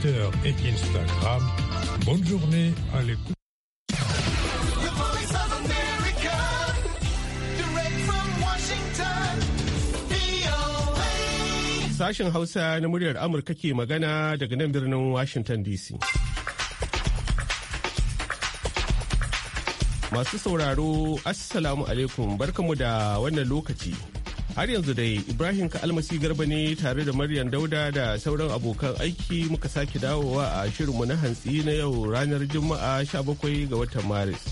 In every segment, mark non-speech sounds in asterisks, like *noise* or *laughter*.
Twitter et Instagram. Bonne journée à l'écoute. Sashen Hausa na muryar Amurka ke magana daga nan birnin Washington DC. Masu sauraro, Assalamu alaikum barkamu da wannan lokaci. Har yanzu dai Ibrahim Ka'almasi Garba ne tare da Maryam Dauda da sauran abokan aiki muka sake dawowa a shirinmu na hantsi na yau ranar Juma'a 17 ga watan Maris.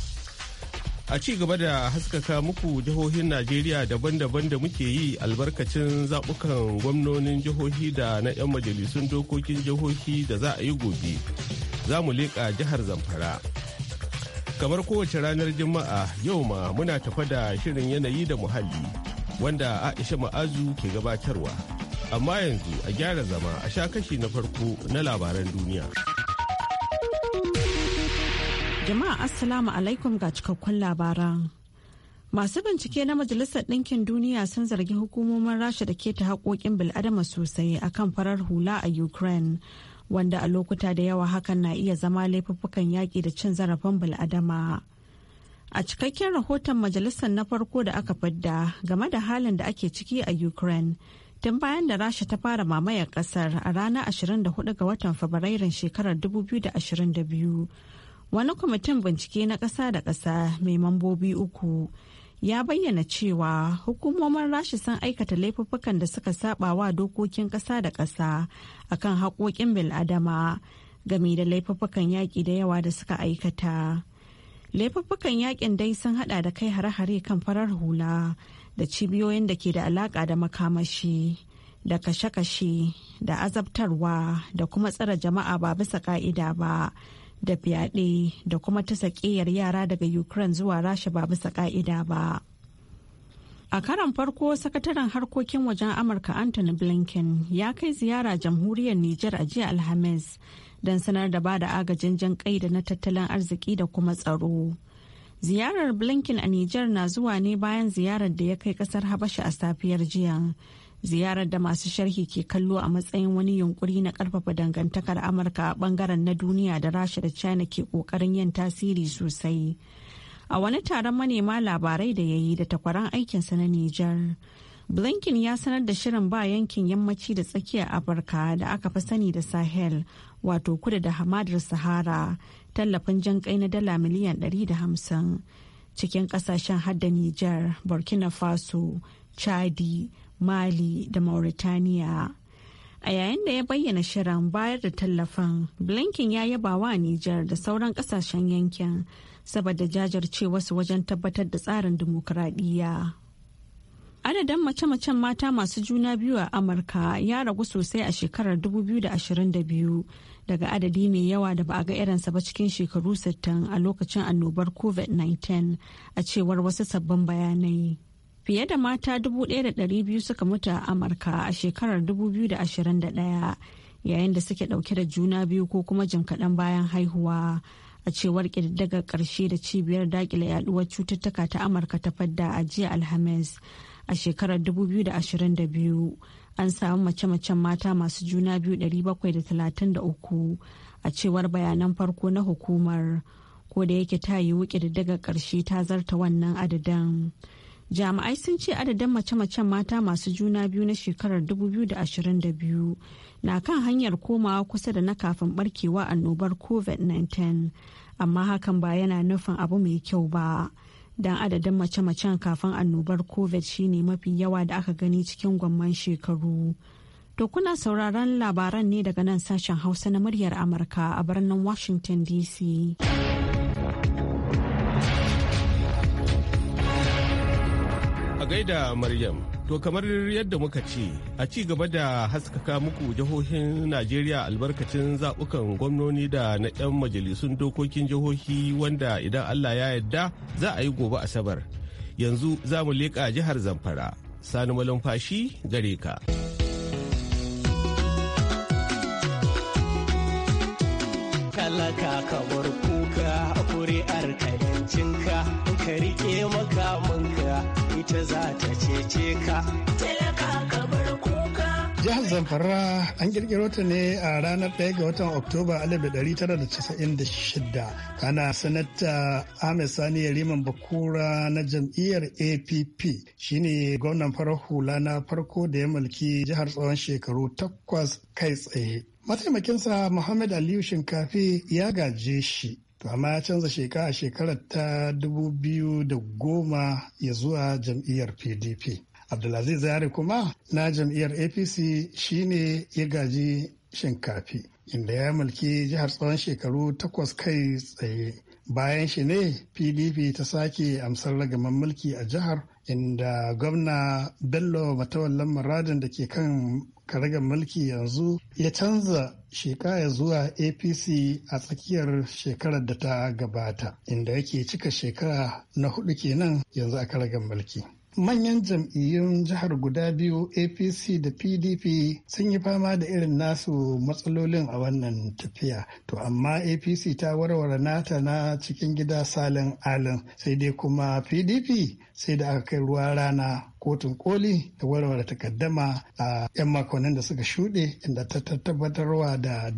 A ci gaba da haskaka muku jihohin Najeriya daban-daban da muke yi albarkacin zaɓukan gwamnonin jihohi da na 'yan majalisun dokokin jihohi da za a yi gobe. Za mu leƙa jihar Zamfara. Kamar kowace ranar Juma'a yau ma muna tafa da shirin yanayi da muhalli. wanda Aisha Ma'azu ke gabatarwa. Amma yanzu a gyara zama a sha kashi na farko na labaran duniya. Jama'a Assalamu alaikum ga cikakkun labaran. Masu bincike na Majalisar Ɗinkin Duniya sun zargi hukumomin Rasha da keta haƙoƙin bil'adama sosai a kan farar hula a Ukraine, wanda a lokuta da yawa hakan na iya zama laifuffukan yaƙi da cin zarafin bil'adama. a cikakken rahoton majalisar na farko da aka fidda game da halin da ake ciki a ukraine tun bayan da rasha ta fara mamayar kasar a ranar 24 ga watan fabrairun shekarar 2022 wani kwamitin bincike na ƙasa da ƙasa mai mambobi uku ya bayyana cewa hukumomin rasha sun aikata laifuffukan da suka saba wa dokokin ƙasa da ƙasa akan haƙoƙin bil'adama game da laifuffukan yaƙi da yawa da suka aikata. laifuffukan yakin dai sun hada da kai hare-hare kan farar hula da cibiyoyin da ke da alaka da makamashi da kashe-kashe da azabtarwa da kuma tsare jama'a ba bisa ka'ida ba da fyaɗe da kuma ta sakeyar yara daga ukraine zuwa rasha ba bisa ka'ida ba a karan farko sakataren harkokin wajen amurka anthony blinken ya kai ziyara jamhuriyar niger a jiya alhamis don sanar da ba da agajin jan kai da na tattalin arziki da kuma tsaro. Ziyarar Blinken a Nijar na zuwa ne bayan ziyarar da ya kai kasar Habasha a safiyar jiya. Ziyarar da masu sharhi ke kallo a matsayin wani yunkuri na karfafa dangantakar Amurka a bangaren na duniya da Rasha da China ke kokarin yin tasiri sosai. A wani taron manema labarai da ya yi da takwaran aikinsa na Nijar. Blinken ya sanar da shirin ba yankin yammaci da tsakiyar Afirka da aka fi sani da Sahel wato kuda da hamadar sahara tallafin jan kai na dala miliyan 150 cikin kasashen hadda nijar burkina faso chadi mali da mauritania a yayin da ya bayyana shirin bayar da tallafin blinken ya yaba wa nijar da sauran kasashen yankin saboda jajircewa su wajen tabbatar da tsarin dimokuraɗiyya. Adadin mace-macen mata masu juna biyu a Amurka ya ragu sosai a shekarar 2022 daga adadi mai yawa da ba a ga irinsa ba cikin shekaru 60 a lokacin annobar COVID-19 a cewar wasu sabbin bayanai. Fiye da mata 1,200 suka mutu a Amurka a shekarar 2021 yayin da suke dauke da juna biyu ko kuma jin kaɗan bayan haihuwa. a cewar ƙididdigar ƙarshe da cibiyar dakile yaduwar cututtuka ta amurka ta fadda a jiya alhamis a shekarar 2022 an samu mace-macen mata masu juna biyu uku, a cewar bayanan farko na hukumar ko da yake ta yi wuƙi daga ƙarshe ta zarta wannan adadin. jami'ai sun ce adadin mace-macen mata masu juna biyu na shekarar 2022 na kan hanyar komawa kusa da na kafin barkewa annobar covid-19 amma hakan ba yana nufin abu mai kyau ba Dan adadin mace-macen kafin annobar covid shine mafi yawa da aka gani cikin gwamman shekaru to kuna sauraron labaran ne daga nan sashen hausa na muryar amurka a birnin washington dc a gaida maryam To kamar yadda muka ce a ci gaba da haskaka muku jihohin Najeriya albarkacin zaɓukan gwamnoni da na 'yan majalisun dokokin jihohi wanda idan Allah ya yarda za a yi gobe Asabar. Yanzu za mu leƙa jihar Zamfara. Sani malumfashi gare ka. kamar kuka kuri'ar ka rike makamanka ita za ta cece ka jihar zamfara an kirkiro ta ne a ranar 1 ga watan oktoba 1996 kana sanatta ahmed sani yariman bakura na jam'iyyar app shine gwamnan farar hula na farko da ya mulki jihar tsawon shekaru takwas kai tsaye mataimakinsa muhammad aliyu shinkafi ya gaje shi to amma ya canza sheka a shekarar ta dubu biyu da goma ya zuwa jam'iyyar pdp abdulaziz yare kuma na jam'iyyar apc shine ya gaji shinkafi inda ya mulki jihar tsawon shekaru takwas kai tsaye bayan shi ne pdp ta sake amsar ragaman mulki a jihar inda gwamna bello matawallan muradin da ke kan karagar mulki yanzu ya canza shekaya zuwa apc a tsakiyar shekarar da ta gabata inda yake cika shekara na hudu kenan yanzu a karagar mulki manyan jam'iyyun jihar guda biyu apc da pdp sun yi fama da irin nasu matsalolin a wannan tafiya to amma apc ta warware nata na cikin gida salin alin sai dai kuma pdp sai da aka kai ruwa rana kotun koli da warware takaddama a 'yan makonnin da suka shuɗe inda ta tabbatarwa da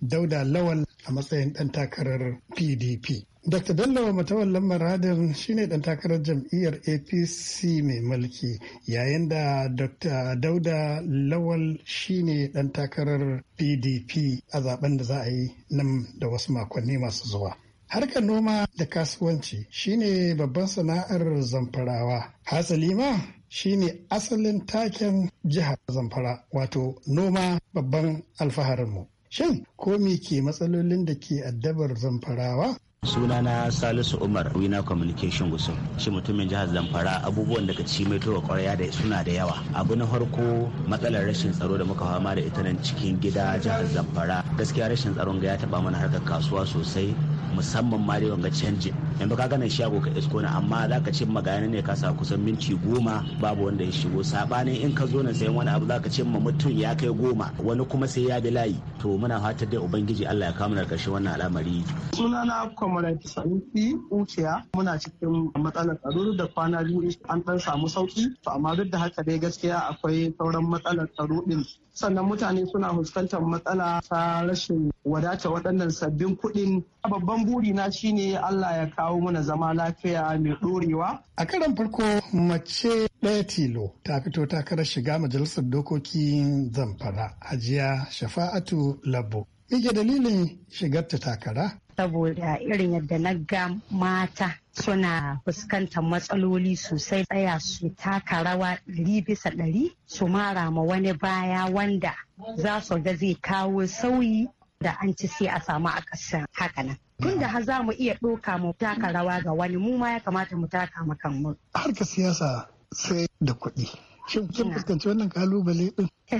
dauda lawal a matsayin ɗan takarar pdp Dr. Bello Matawallan Maradin shine dan takarar jam'iyyar APC mai mulki yayin da Dr. Dauda Lawal shine dan takarar PDP a zaben da za a yi nan da wasu makonni masu zuwa. Harkar noma da kasuwanci shine babban sana'ar zamfarawa. Hasali ma shine asalin taken jihar zamfara wato noma babban alfaharinmu. Shin ko me ke matsalolin da ke addabar zamfarawa sunana salisu umar wina communication gusau shi mutumin jihar zamfara abubuwan daga ci mai towa kwarya da suna da yawa abu na farko matsalar rashin tsaro da muka fama da ita nan cikin gida jihar zamfara gaskiya rashin tsaron ga ya taba mana harkar kasuwa sosai musamman ma ga wanga canji yanzu ka ganin shago ka isko na amma za ka ce magana ne ka sa kusan minti goma babu wanda ya shigo sabanin in ka zo na sayan wani abu za ka ce ma mutum ya kai goma wani kuma sai ya bi layi to muna fatar dai ubangiji Allah ya kamu da karshe wannan al'amari sunana kwamarai sanusi ukiya muna cikin matsalar tsaro da kwana biyu an dan samu sauki to amma duk da haka dai gaskiya akwai sauran matsalar tsaro din sannan mutane suna fuskantar matsala ta rashin wadata waɗannan sabbin kuɗin babban na shine Allah ya kawo mana zama lafiya mai ɗorewa. A karan farko mace ɗaya tilo ta fito takarar shiga majalisar dokokin zamfara hajiya shafa'atu labo. Ike dalilin shigarta takara? Saboda irin yadda na ga mata suna fuskantar matsaloli sosai tsaya su taka rawa ɗari bisa ɗari su mara ma wani baya wanda za su ga zai kawo sauyi da an ci sai a samu a ƙasar hakanan. Tun da za mu iya ɗoka mu taka rawa ga wani mu ma ya kamata mu taka mu kanmu. siyasa sai da kuɗi. Shin kin fuskanci wannan kalubale din? *laughs*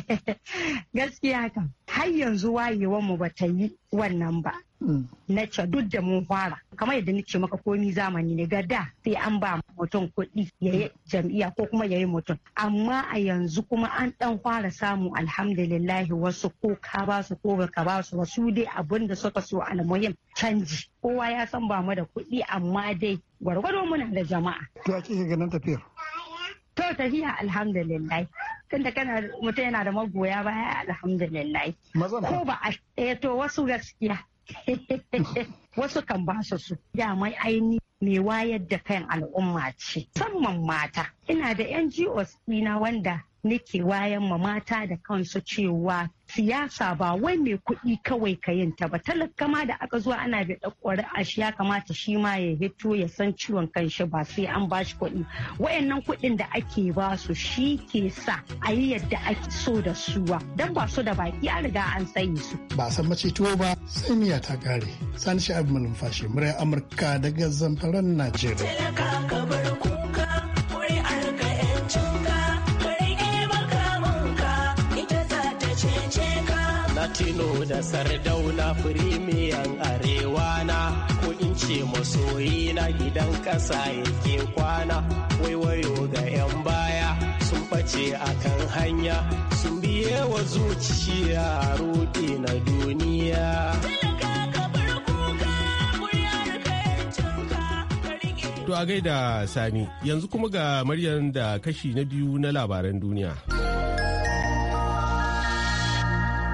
Gaskiya kam har yanzu wayewar mu bata yi wannan ba. Mm. Na ce duk da mun fara kamar yadda nake maka komi zamani ne ga da sai an ba mutum kuɗi ya yi jam'iyya ko kuma ya yi mutum. Amma a yanzu kuma an ɗan fara samu alhamdulillahi wasu ko ka ba su ko ka ba su wasu dai abin da suka so almuhim canji. Kowa ya san ba mu da kuɗi amma dai gwargwado muna da jama'a. To ake ganin tafiyar. yau tafiya alhamdulillah tunda kana mutum yana da magoya baya alhamdulillah ko ba a eh, to wasu gaskiya *laughs* wasu kan ba su su mai aini mai wayar da kan al'umma ce musamman mata ina da NGOs ɗina wanda nake wayan ma mata da kansu cewa siyasa ba wai mai kuɗi kawai ka yin ta ba talaka ma da aka zuwa ana da ɗakwari a shi ya kamata shi ma ya hito ya san ciwon kanshi ba sai an ba shi kuɗi wayannan kuɗin da ake ba su shi ke sa a yi yadda ake so da suwa dan ba su da baki ya riga an sayi su ba san mace tuwo ba sai miya ta kare sani shi abin malumfashi murai amurka daga zamfaran najeriya Tino da Sardauna firimiyan arewa na ko in ce masoyi na gidan ƙasa yake kwana waiwayo ga 'yan baya sun ɓace kan hanya sun biye wa zuciya rudi na duniya. To a gaida Sani, yanzu kuma ga Maryam da kashi na biyu na labaran duniya.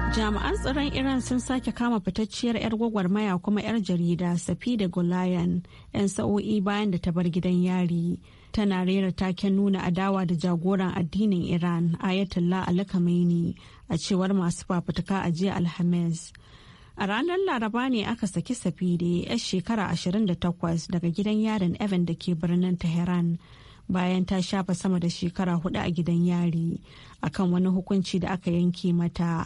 jami'an tsaron iran sun sake kama fitacciyar 'yar gwagwarmaya kuma 'yar jarida safi da gulayan 'yan sa'o'i bayan da ta bar gidan yari tana rera taken nuna adawa da jagoran addinin iran ayatollah alkamaini a a cewar masu fafutuka a jiya alhamis a ranar laraba ne aka saki safide 'yar shekara 28 daga gidan yarin evan da ke birnin tehran bayan ta shafa sama da shekara hudu a gidan yari akan wani hukunci da aka yanke mata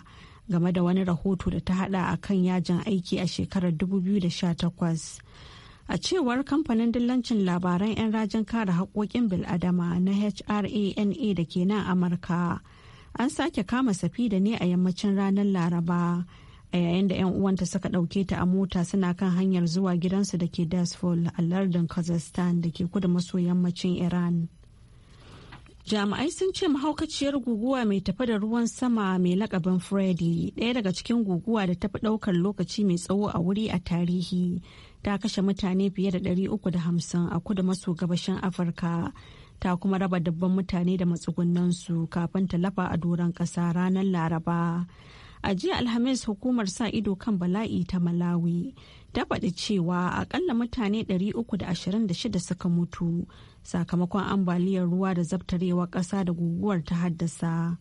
game da wani rahoto da ta hada a kan yajin aiki a shekarar 2018 a cewar kamfanin dillancin labaran 'yan rajin kare haƙoƙin bil'adama na hrana da ke nan amurka an sake kama safida ne a yammacin ranar laraba a yayin da 'yan uwanta suka ɗauke ta a mota suna kan hanyar zuwa gidansu da ke dasfol a lardin kazakhstan da ke kudu maso yammacin iran jami'ai sun ce mahaukaciyar guguwa mai tafi da ruwan sama mai lakabin freddy ɗaya daga cikin guguwa da tafi ɗaukar lokaci mai tsawo a wuri a tarihi ta kashe mutane fiye da 350 a kudu maso gabashin afirka ta kuma raba dabban mutane da matsugunansu kafin ta lafa a doron ƙasa ranar laraba a jiya alhamis hukumar sa ido kan bala'i ta malawi ta faɗi cewa akalla mutane 326 suka mutu sakamakon ambaliyar ruwa da zabtarewa ƙasa da guguwar ta haddasa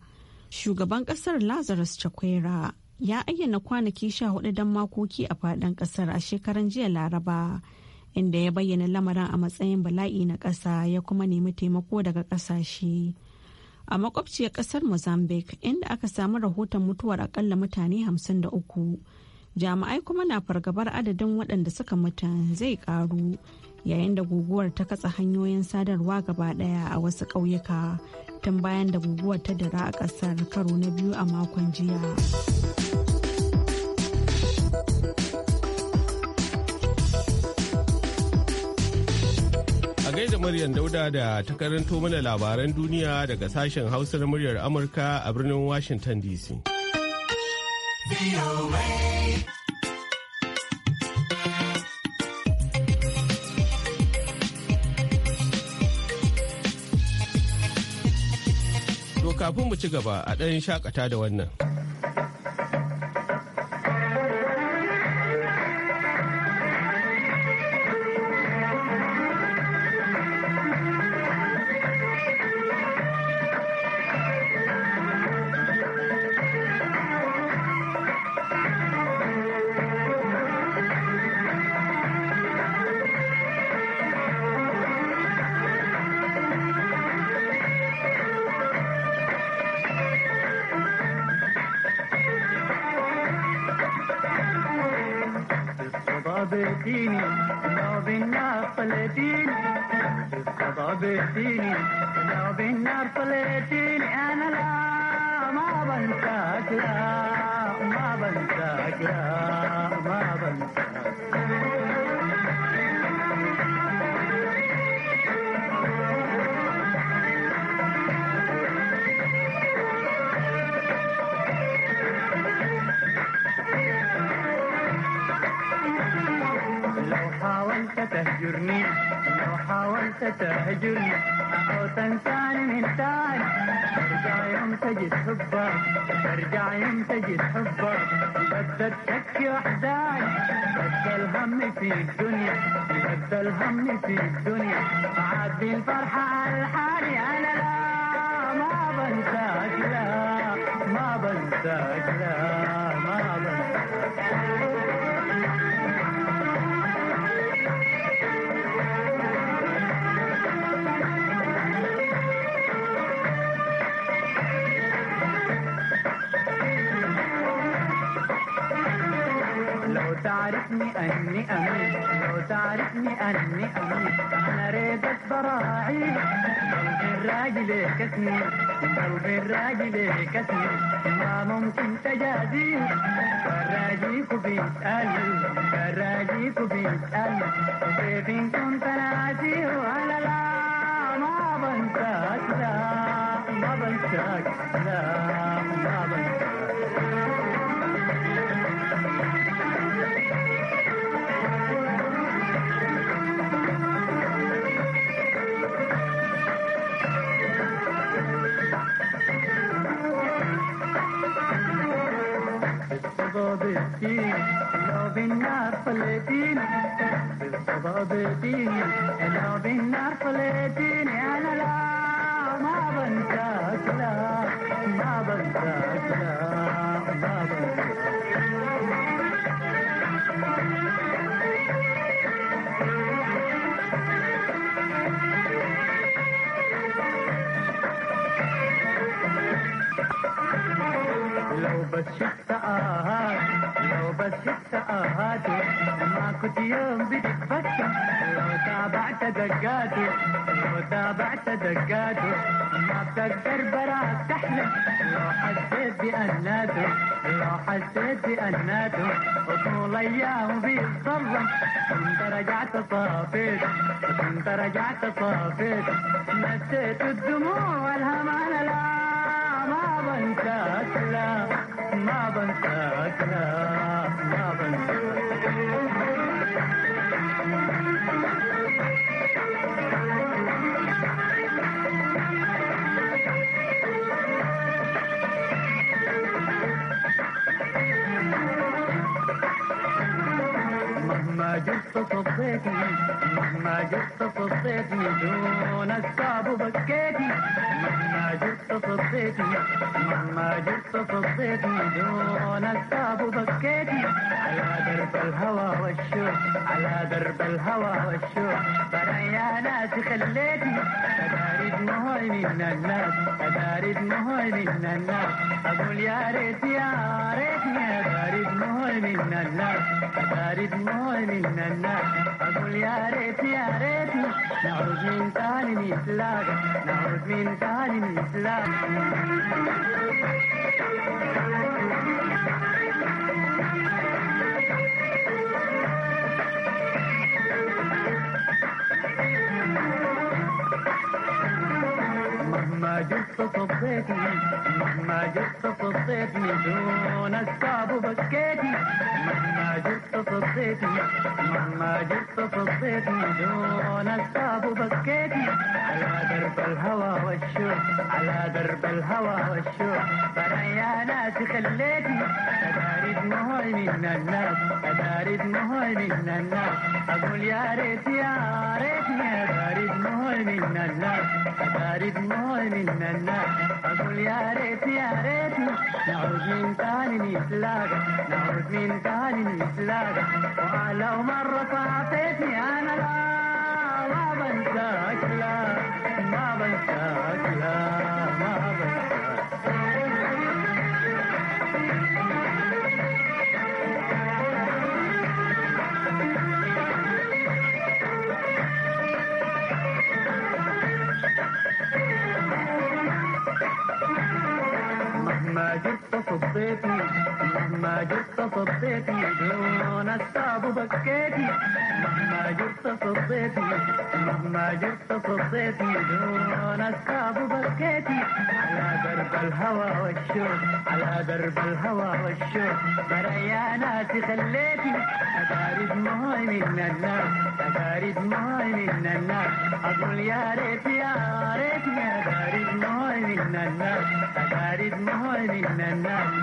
shugaban ƙasar lazarus chakwera ya ayyana kwanaki 14 don makoki a faɗin ƙasar a shekaran jiya laraba inda ya bayyana lamarin a matsayin bala'i na ƙasa ya kuma nemi taimako daga ƙasashe. a makwabciyar kasar mozambique inda aka samu rahoton mutuwar akalla mutane 53 jami'ai kuma na fargabar adadin waɗanda suka mutu zai karu yayin da guguwar ta katsa hanyoyin sadarwa gaba ɗaya a wasu ƙauyuka tun bayan da guguwar ta dira a ƙasar karo na biyu a makon jiya. gaida muryar Dauda da ta karanto mana labaran duniya daga sashen Hausa na muryar Amurka a birnin Washington DC. To kafin mu ci gaba a ɗan shakata da wannan. لو بالنار طلعتيني انا لا ما بنساك لا ما بنساك لا ما بنساك تهجرني لو حاولت تهجرني تنساني من تاني ترجع يوم تجد حبك ترجع يوم تجد حبك بدل شكي واحزاني بدل الهم في الدنيا بدل الهم في الدنيا عادي الفرحة على حالي أنا لا ما بنساك لا ما بنساك لا ما بنساك تعرفني أني أمين لو تعرفني أني أمين أنا ريدك براعي قلبي الراجل كسني قلبي الراجل كسني ما ممكن تجازي كراجيك بيسألني كراجيك بيسألني كيف إن كنت ناسي لا ما بنساك لا ما بنساك لا ما بنساك sabah beti, loving narpaletin. Bil sabah beti, loving narpaletin. Ana la ma لو بس شفت آهات لو بس شفت آهاتي ما كنت يوم بتتفتح لو تابعت دقاتي لو تابعت دقاتي ما بتقدر براك تحلم لو حسيت بأناته لو حسيت بأناته وطول أيام بيتظلم كنت رجعت صافيت كنت رجعت صافيت نسيت الدموع والهمان لا ما بنساك جبت صفيتي مهما جبت صفيتي دون الصعب بكيتي مهما جبت صفيتي مهما حسيتي دونك صاب وبكيتي على درب الهوى والشوق على درب الهوى والشوق فرعي يا ناس خليتي minana, kadarit mohoy minana, agulyare tiare kadarit mohoy minana, kadarit mohoy minana, agulyare tiare نعود من ثاني الإسلام نعود من ثاني الإسلام Thank you. مهما جبت صبيتي مهما جبت صبيتي دون الصعب بكيتي مهما جبت صبيتي مهما جبت صبيتي دون الصعب بكيتي على درب الهوى والشوق على درب الهوى والشوق يا ناس خليتي تبارد مهول من الناس تبارد مهول من الناس أقول يا ريت يا ريت يا تبارد مهول من الناس تبارد مهول من أقول يا ريت يا ريت نعود من تاني نتلاقى نعود من تاني نتلاقى ولو مرة أعطيتني أنا لا صديتي دونك صعب بكيتي مهما جرت صديتي مهما جرت صديتي دونك صعب بكيتي على درب الهوى والشوق على درب الهوى والشوق بريا ناس خليتي أبارد ماي من النار أبارد ماي من النار أقول يا ريت يا ريت يا بارد ماي من النار أبارد ماي من النار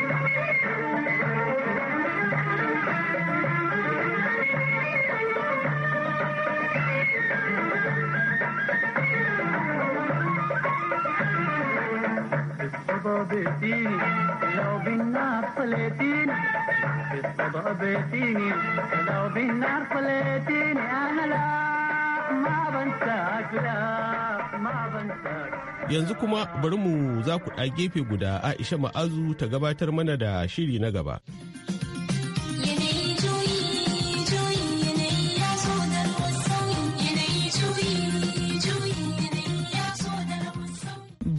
بيتيني Yanzu kuma bari mu za ku ɗa gefe guda Aisha Ma'azu ta gabatar mana da shiri na gaba.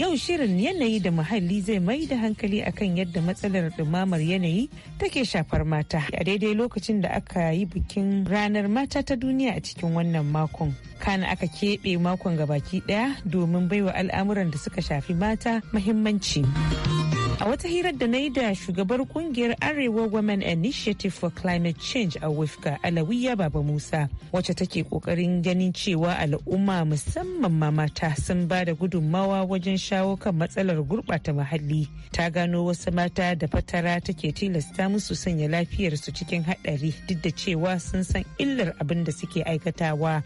Yau shirin yanayi da muhalli zai mai da hankali akan yadda matsalar ɗumamar yanayi take shafar mata a daidai lokacin da aka yi bikin ranar mata ta duniya a cikin wannan makon. Kana aka keɓe makon gabaki ɗaya domin baiwa al'amuran da suka shafi mata muhimmanci. A wata hirar da na yi da shugabar kungiyar Arewa Women Initiative for Climate Change a Wifka Alawiya Baba Musa wacce take kokarin ganin cewa al'umma musamman ma mata sun ba da gudunmawa wajen shawo kan matsalar gurɓata muhalli. Ta gano wasu mata da fatara take tilasta musu sanya lafiyarsu cikin haɗari duk da cewa sun san illar abin da suke aikatawa.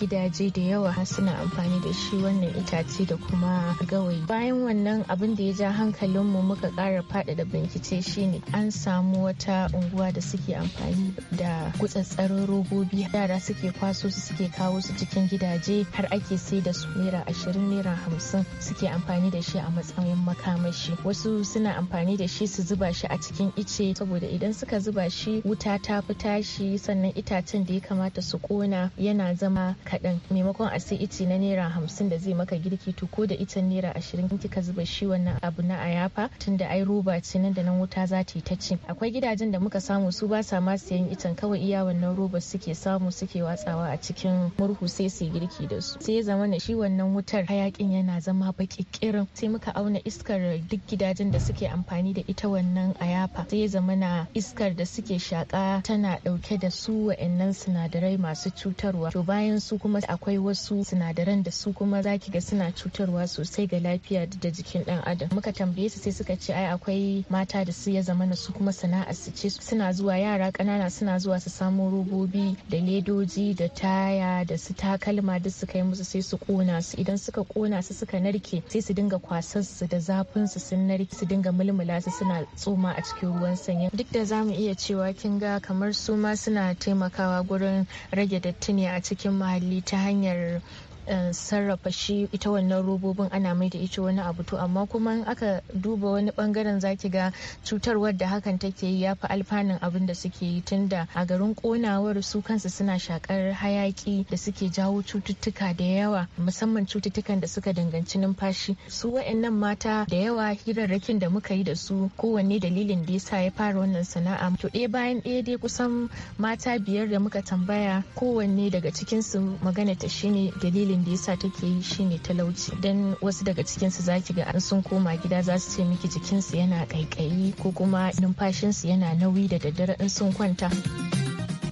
gidaje da yawa suna amfani da shi wannan itace da kuma gawayi bayan wannan abin da ya ja hankalinmu muka kara faɗaɗa bincike shine an samu wata unguwa da suke amfani da gutsatsarin robobi yara suke kwaso su suke kawo su cikin gidaje har ake sai da su naira ashirin naira hamsin suke amfani da shi a matsayin makamashi wasu suna amfani da shi su zuba shi a cikin ice saboda idan suka zuba shi wuta ta fi tashi sannan itacen da ya kamata su kona yana zama kaɗan maimakon a sai ice na naira hamsin da zai maka girki to ko da itan naira ashirin kika zuba shi wannan abu na ayafa tunda ai roba ce nan da nan wuta za ta yi ta ci akwai gidajen da muka samu su ba sa ma siyan itan kawai iya wannan roba suke samu suke watsawa a cikin murhu sai su girki da su sai ya zama na shi wannan wutar hayakin yana zama baƙiƙirin sai muka auna iskar duk gidajen da suke amfani da ita wannan ayafa sai ya zama na iskar da suke shaka tana ɗauke da su wa'annan sinadarai masu cutarwa to bayan su kuma akwai wasu sinadaran da su kuma zaki ga suna cutarwa sosai ga lafiya da jikin dan adam muka tambaye su sai suka ce ai akwai mata da su ya zamana su kuma sana'a su ce suna zuwa yara kanana suna zuwa su samo robobi da ledoji da taya da su takalma duk su kai musu sai su kona su idan suka kona su suka narke sai su dinga kwasar su da zafin su sun narke su dinga mulmula su suna tsoma a cikin ruwan sanyi duk da zamu iya cewa kin ga kamar su ma suna taimakawa gurin rage datti ne a cikin muhalli muhalli ta hanyar sarrafa shi ita wannan robobin ana mai da ita wani abu to amma kuma aka duba wani bangaren zaki ga cutar da hakan take yi ya fi alfanun abin da suke yi tunda a garin konawar su kansu suna shakar hayaki da suke jawo cututtuka da yawa musamman cututtukan da suka danganci numfashi su wa'annan mata da yawa hirarrakin da muka yi da su kowanne dalilin da yasa ya fara wannan sana'a to ɗaya bayan ɗaya dai kusan mata biyar da muka tambaya kowanne daga cikinsu magana ta shine dalilin dalilin da yasa take yi shine talauci dan wasu daga cikin su zaki ga an sun koma gida za su ce miki jikin su yana kaikayi ko kuma numfashinsu yana nauyi da daddare in sun kwanta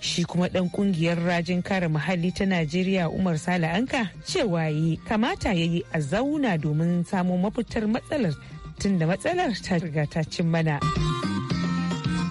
shi kuma dan kungiyar rajin kare muhalli ta najeriya umar sale anka cewa yi kamata ya a zauna domin samo mafitar matsalar tunda matsalar ta riga ta cin mana.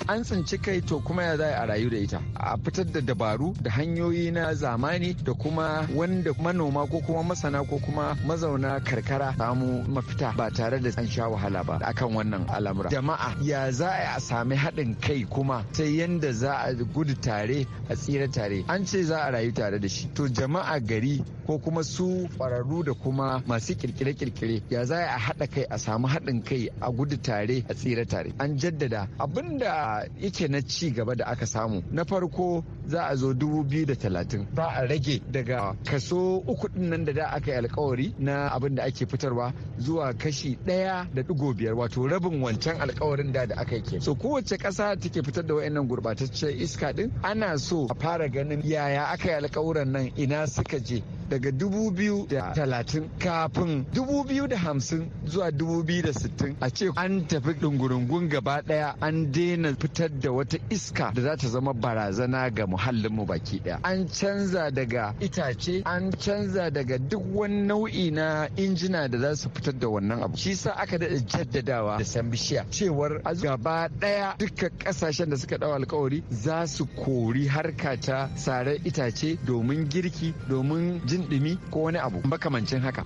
an tsinci kai to kuma ya za a rayu da ita a fitar da dabaru da hanyoyi na zamani da kuma wanda manoma ko kuma masana ko kuma mazauna karkara samu mafita ba tare da an sha wahala ba akan wannan al'amura jama'a ya za a sami haɗin kai kuma sai yanda za a gudu tare a tsira tare an ce za a rayu tare da shi to jama'a gari ko kuma su ƙwararru da kuma masu kirkire-kirkire ya za a haɗa kai a samu haɗin kai a gudu tare a tsira tare an jaddada abinda yake na ci gaba da aka samu na farko za a zo 2030 ba a rage daga kaso uku din nan da da aka yi alkawari na abin da ake fitarwa zuwa kashi ɗaya da digo biyar wato rabin wancan alkawarin da da aka yi so kowace ƙasa take fitar da wayannan gurbataccen iska din ana so a fara ganin yaya aka yi alkawuran nan ina suka je daga 2030 kafin 2050 zuwa 2060 a ce an tafi dungurungun gaba ɗaya an daina fitar da wata iska da za ta zama barazana ga muhallinmu baki daya an canza daga itace an canza daga duk wani nau'i na injina da za su fitar da wannan abu shi sa aka daɗa jaddadawa da san bishiya cewar gaba daya dukkan kasashen da suka ɗau alkawari za su kori harka ta sare itace domin girki domin jin dumi ko wani abu makamancin haka.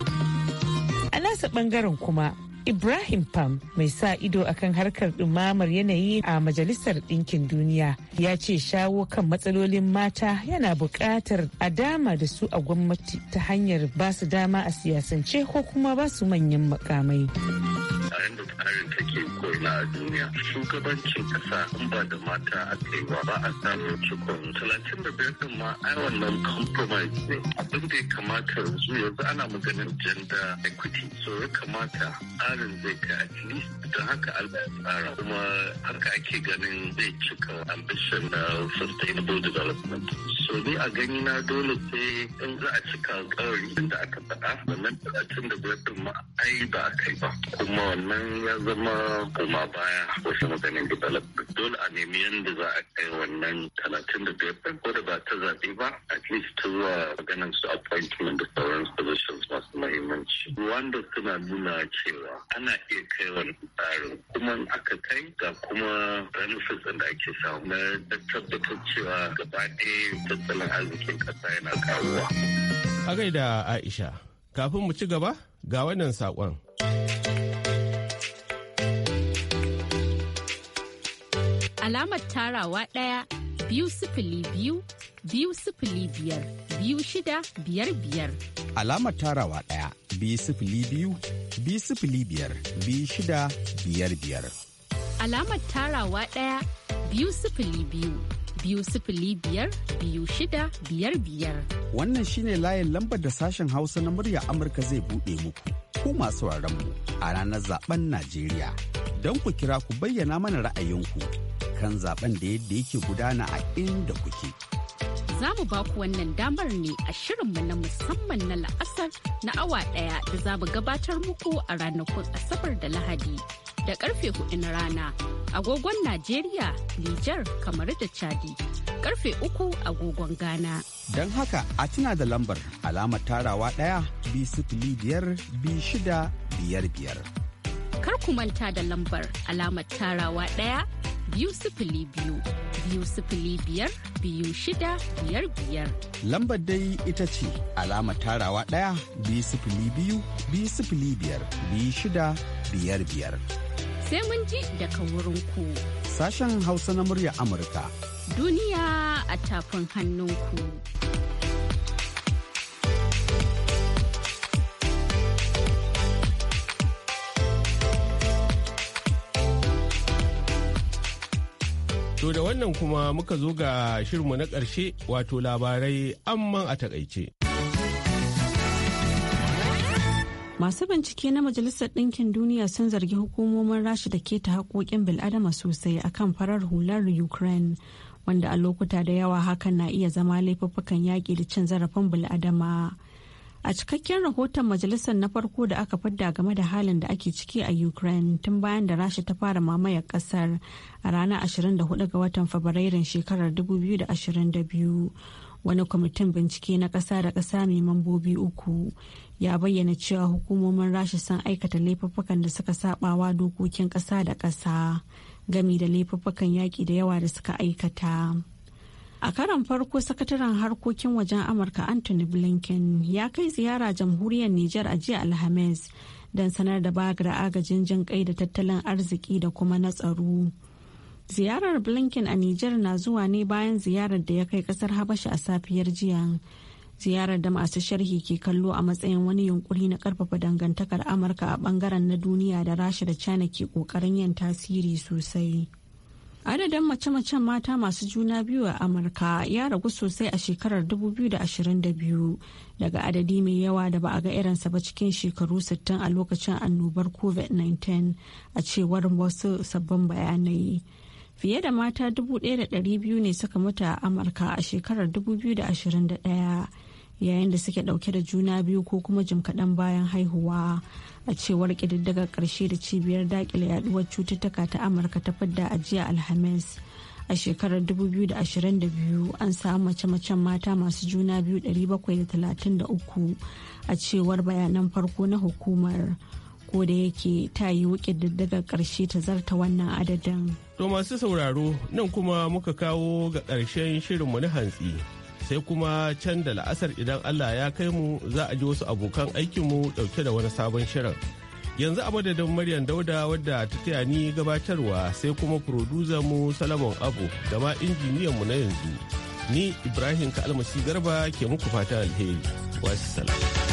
A nasa ɓangaren kuma Ibrahim Pam mai sa ido akan harkar dumamar yanayi a Majalisar Ɗinkin Duniya ya ce shawo kan matsalolin mata yana buƙatar a dama da su a gwamnati ta hanyar ba su dama a siyasance ko kuma ba su manyan makamai. da tsarin take ko'ina a duniya shugabancin kasa in ba da mata a kaiwa ba a samu cikon talatin da biyar din ma ai wannan compromise ne abin da ya kamata yanzu yanzu ana maganin gender equity so ya kamata tsarin zai kai at least don haka allah ya tsara kuma haka ake ganin zai cika ambition na sustainable development so ni a gani na dole sai in za a cika alkawari inda aka faɗa wannan talatin da biyar din ma ai ba a kai ba kuma wannan nan ya zama koma baya wasu maganin development dole a nemi yadda za a kai wannan talatin da biyar ko da ba ta zaɓe ba at least ta zuwa maganin su appointment da sauran positions masu mahimmanci wanda suna nuna cewa ana iya kai wani tsarin kuma aka kai ga kuma benefits da ake samu na tabbatar cewa gaba ɗaya tattalin arzikin ƙasa yana karuwa. A gaida Aisha, kafin mu ci gaba ga wannan saƙon. alamar tarawa ɗaya biyu sifili biyu biyu sifili biyar biyu shida biyar biyar. Alamar tarawa ɗaya biyu sifili biyu biyu sifili biyar biyu shida biyar biyar. Alamar tarawa ɗaya biyu sifili biyu biyu sifili biyar biyu shida biyar biyar. Wannan shine layin lambar da sashen Hausa na murya Amurka zai buɗe muku ku masu mu a ranar zaben Najeriya. Don ku kira ku bayyana mana ra'ayinku kan zaben da yadda yake gudana a inda kuke. Za mu ba ku wannan damar ne a shirinmu na musamman na la'asar na awa ɗaya da za mu gabatar muku a ranakun Asabar da Lahadi da karfe hudu na rana agogon Najeriya, Nijar, kamar da Chadi, karfe uku agogon Ghana. Don haka a tuna da lambar alamar tarawa ɗaya bi sifili biyar bi shida biyar biyar. Kar ku manta da lambar alamar tarawa ɗaya biyu sifili biyu biyu sifili biyar biyu shida biyar biyar. Lambar dai ita ce alama tarawa ɗaya biyu sifili biyu biyu sifili biyar biyu shida biyar biyar. Sai mun ji daga wurin ku. Sashen Hausa na murya Amurka. Duniya a tafin hannunku. ku. To da wannan kuma muka zo ga shirinmu na ƙarshe wato labarai amma a takaice. Masu bincike na Majalisar Ɗinkin Duniya sun zargi hukumomin Rasha da keta haƙoƙin bil'adama sosai akan farar hular Ukraine, wanda a lokuta da yawa hakan na iya zama laifuffukan yaƙi da cin zarafin bil'adama. A cikakken rahoton majalisar na farko da aka fidda game da halin da ake ciki a Ukraine tun bayan da Rasha ta fara mamayar kasar a ranar 24 ga watan Fabrairun shekarar 2022. Wani kwamitin bincike na ƙasa da ƙasa mai mambobi uku ya bayyana cewa hukumomin Rasha sun aikata laifuffukan da suka sabawa dokokin ƙasa da ƙasa gami da laifuffukan yaƙi da yawa da suka aikata. A karan farko sakataren harkokin wajen Amurka Anthony Blinken ya kai ziyara jamhuriyar Nijar a jiya Alhamis don sanar da bagar agajin jin kai da tattalin arziki da kuma na tsaro. Ziyarar Blinken a Nijar na zuwa ne bayan ziyarar da ya kai kasar Habasha a safiyar jiya. Ziyarar da masu sharhi ke kallo a matsayin wani yunkuri na karfafa dangantakar Amurka a bangaren na duniya da Rasha da China ke kokarin yin tasiri sosai. Adadin mace-macen mata masu juna biyu a Amurka ya ragu sosai a shekarar 2022 daga adadi mai yawa da ba a ga irinsa ba cikin shekaru 60 a lokacin annobar COVID-19 a cewar wasu sabbin bayanai. Fiye da mata 1,200 ne suka mutu a Amurka a shekarar 2021 yayin da suke dauke da juna biyu ko kuma jim kaɗan bayan haihuwa a cewar ƙididdigar ƙarshe da cibiyar daƙile yaduwar cututtuka ta amurka ta fidda a jiya alhamis a shekarar 2022 an samu mace-macen mata masu juna biyu 733 a cewar bayanan farko na hukumar ko da yake ta yi daga ƙarshe ta zarta wannan adadin. To masu sauraro nan kuma muka kawo ga ƙarshen shirinmu na hantsi. sai kuma can da la'asar idan Allah ya kai mu za a ji wasu abokan aikinmu ɗauke da wani sabon shirin. Yanzu a madadin Maryam Dauda wadda ta taya ni gabatarwa sai kuma mu Salamon Abu da ma injiniyan mu na yanzu. Ni Ibrahim Kalmasi Garba ke muku fata alheri. wasu Wassalam.